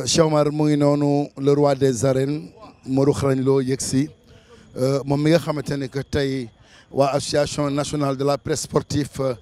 Euh, Cheikh Omar le roi des arènes Modou Xarañ Lo mon meilleur moom mi nga nationale de la presse sportive euh,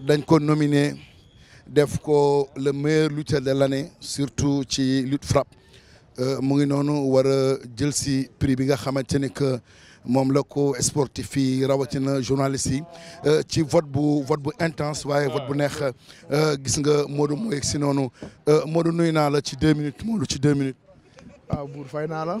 dañ ko nominé def le meilleur lutteur de l'année surtout chez lutte frappe euh, mu ngi noonu war jël prix bi nga moom la ko sportif yi rawatina journaliste yi euh, ci vote bu vote bu intense waaye vote bu ah, neex euh, gis nga Modou mooy si noonu euh, Modou nuyu naa la ci deux minutes Modou ci deux minutes. waaw ah, buur fay naa la.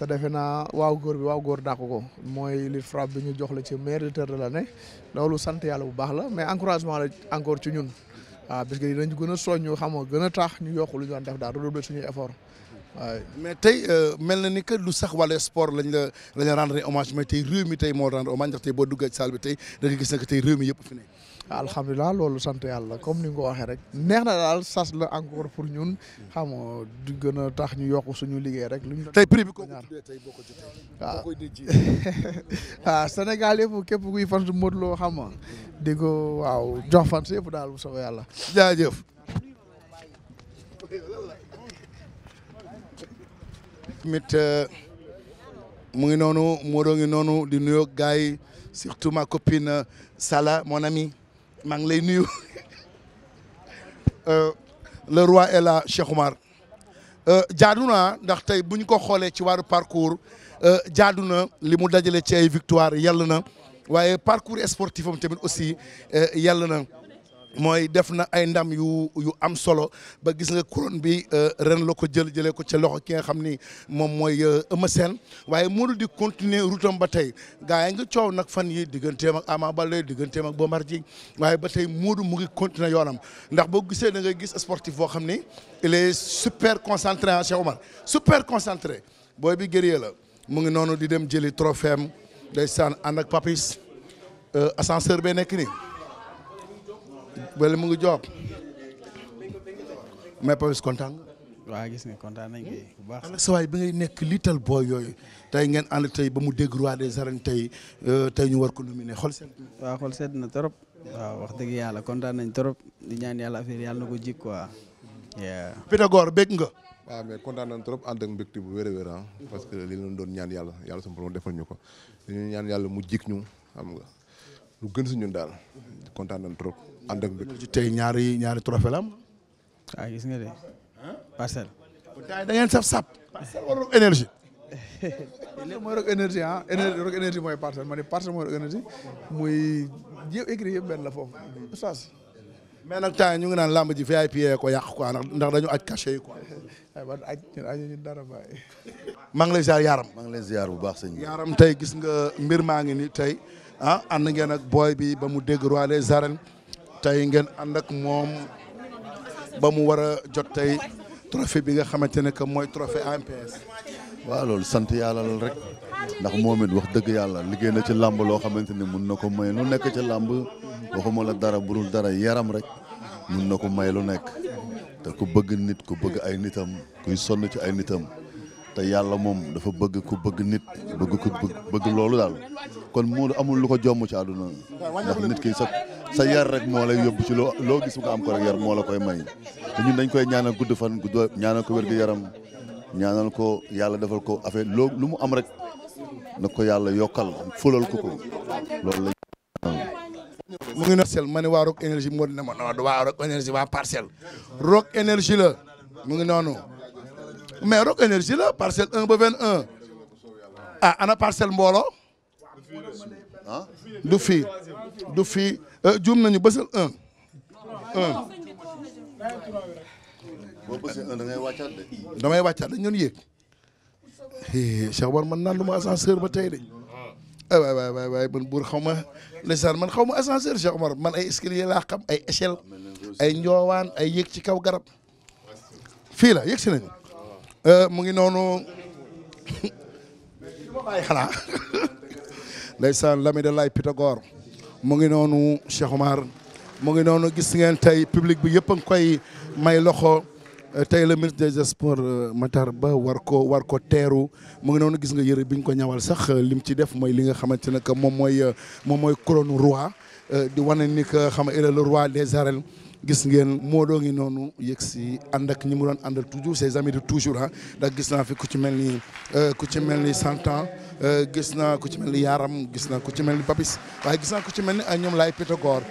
te defe naa waaw góor bi waaw góor dàq ko mooy li frappe bi ñu jox la ci meilleur lutteur de l'année loolu sant yàlla bu baax la mais encouragement la encore ci ñun waaw parce que dinañ gën a soññu xam xamoo gën a tax ñu yokk lu ñu daan def daal redoubler suñuy effort waaye mais tey euh, mel na ni que lu sax wàllu sport lañ la lañ la rendre hommage mais tey réew mi tey moo rendre hommage tey boo duggee ci salle bi tey da nga gis ne tey réew mi yëpp fi nekk Alhamdulillah c'est un yalla comme ni nga waxe rek neex na encore pour ñun xam du di tax ñu suñu liggéey rek. prix bi ko C'est ah. ah, képp kuy jox euh, ngi ngi di surtout ma copine euh, Sala mon ami. maa ngi lay nuyu euh, le roi et la Cheikh Oumar euh, jaadu naa ndax tey bu ñu ko xoolee ci wàllu parcours euh, jaadu na li mu dajale ci ay victoire yàlla na waaye parcours sportif am tamit aussi yàlla na moy def na ay ndam yu yu am solo ba gis nga couron bi euh, ren lako jël jëlé ko ci loxo ki nga xamni mom moy Ema euh, Sen waye modul di continuer routeam ba tay gaay nga ciow nak fan yi digënté ak Ama Balé digënté ak Bomar Dji waye ba tay modul mu ngi continuer yonam ndax bo gisé da nga gis sportif bo xamni il est super concentré Cheikh Omar super concentré boy bi guerrier la mu ngi nonu di dem jëli trophée am ndaysan and ak papis euh ascenseur be nek ni wala mu ngi job mais kontaan waa waaw gis nga kontaan nañ bu baax. sa waay ba ngay nekk liital booy yooyu tey ngeen ànd tey ba mu dégg roi des arènes tey euh, tey ñu war ko nominé xol sedd. waaw xol sedd na trop. waaw wax dëgg yàlla kontaan nañ trop di ñaan yàlla affaire yàlla na ko jik quoi. Pythagore bëgg nga. waaw mais kontaan nañ trop ànd ak mbégte bu wér a ah. wér parce que li ñu doon ñaan yàlla yàlla sama borom defal ñu ko yàlla mu jik ñu lu gën si ñun daal kontaan nañ trop ànd ak mbir. ci ñaari ñaari trophée la am. ah gis nga de parcelle. da ngeen saf sap. parcelle wala rock énergie. léegi mooy rock énergie ah énergie mooy parcelle ma ne parcelle mooy rock énergie muy yëpp écrit yëpp benn la foofu. mais nag temps ñu ngi naan làmb ji VIP yee ko yàq quoi ndax dañu aj cachet yi quoi. aywa aj dara maa ngi lay ziar Yaram. maa ngi lay ziar bu baax sëñ Yaram tey gis nga mbir maa ngi ni tey ah ànd ngeen ak booy bi ba mu dégg roi des arènes tey ngeen ànd ak moom ba mu war a jot tey trophée bi nga xamante ne que mooy trophée AMPS. waa loolu sant yàlla la rek ndax moom it wax dëgg yàlla liggéey na ci làmb loo xamante ne mun na ko may lu nekk ci làmb waxuma la dara burul dara yaram rek. mun na ko may lu nekk te ku bëgg nit ku bëgg ay nitam kuy sonn ci ay nitam te yàlla moom dafa bëgg ku bëgg nit bëgg ku bëgg loolu daal kon Modou amul lu ko jomm ci àdduna ndax nit ki sa sa yar rek moo lay yóbb ci loo loo gis nga am ko rek yar moo la koy may te ñun dañ koy ñaanal gudd fan gudd ñaanal ko wér-gu-yaram ñaanal ko yàlla defal ko affaire loo lu mu am rek na ko yàlla yokkal fulal ko ko loolu la mu ngi parcelle ma ne waa Rock énergie moo ne ma non waa Rock énergie waa parcelle Rock énergie la mu ngi noonu mais Rock énergie la parcelle 1 ba 21 ah ana parcelle mbooloo ah du fii du fii euh, juum nañu bësal 1 1 boo bësee 1 da ngay wàccaat de damay wàccaat de ñun yéeg eh, Cheikh Omar man naan lu ma ascenseur ba tey de ah waay waaye waay man buur xaw ma ndeysaan man xaw ma ascenseur Cheikh man ay escalier laa xam ay échelle ay njoowaan ay yéeg ci kaw garab fii la yéeg si euh, mu ngi noonu bàyyi xanaa ndeysaan Lamine de Laye Pythagore mu ngi noonu Cheikh Omar mu ngi noonu gis ngeen tey public bi yëpp a ngi koy may loxo Euh, tey la ministre des sports euh, Matar Ba war ko war ko teeru mu ngi noonu gis nga yére bi ñu ko ñawal sax euh, lim ci def mooy li nga xamante ne que moom mooy moom mooy couronne roi di wane ni que xam nga il est roi des arènes gis ngeen Modou ngi noonu yëg si ànd ak ñi mu doon àndal toujours ses amis de toujours ah ndax gis na fi ku ci mel ni ku ci mel ni Santan gis naa ku ci mel ni Yaram gis naa ku ci mel ni Papis waaye gis naa ku ci mel ni ñoom laay Pythagore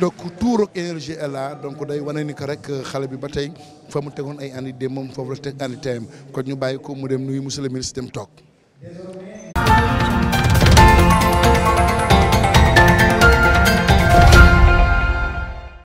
donc tour ak énergie la donc day wone ni ko rek xalé bi batay famu teggone ay ani dem mom fofu la tek ani tayam kon ñu bayiko mu dem nuyu musulmi dem tok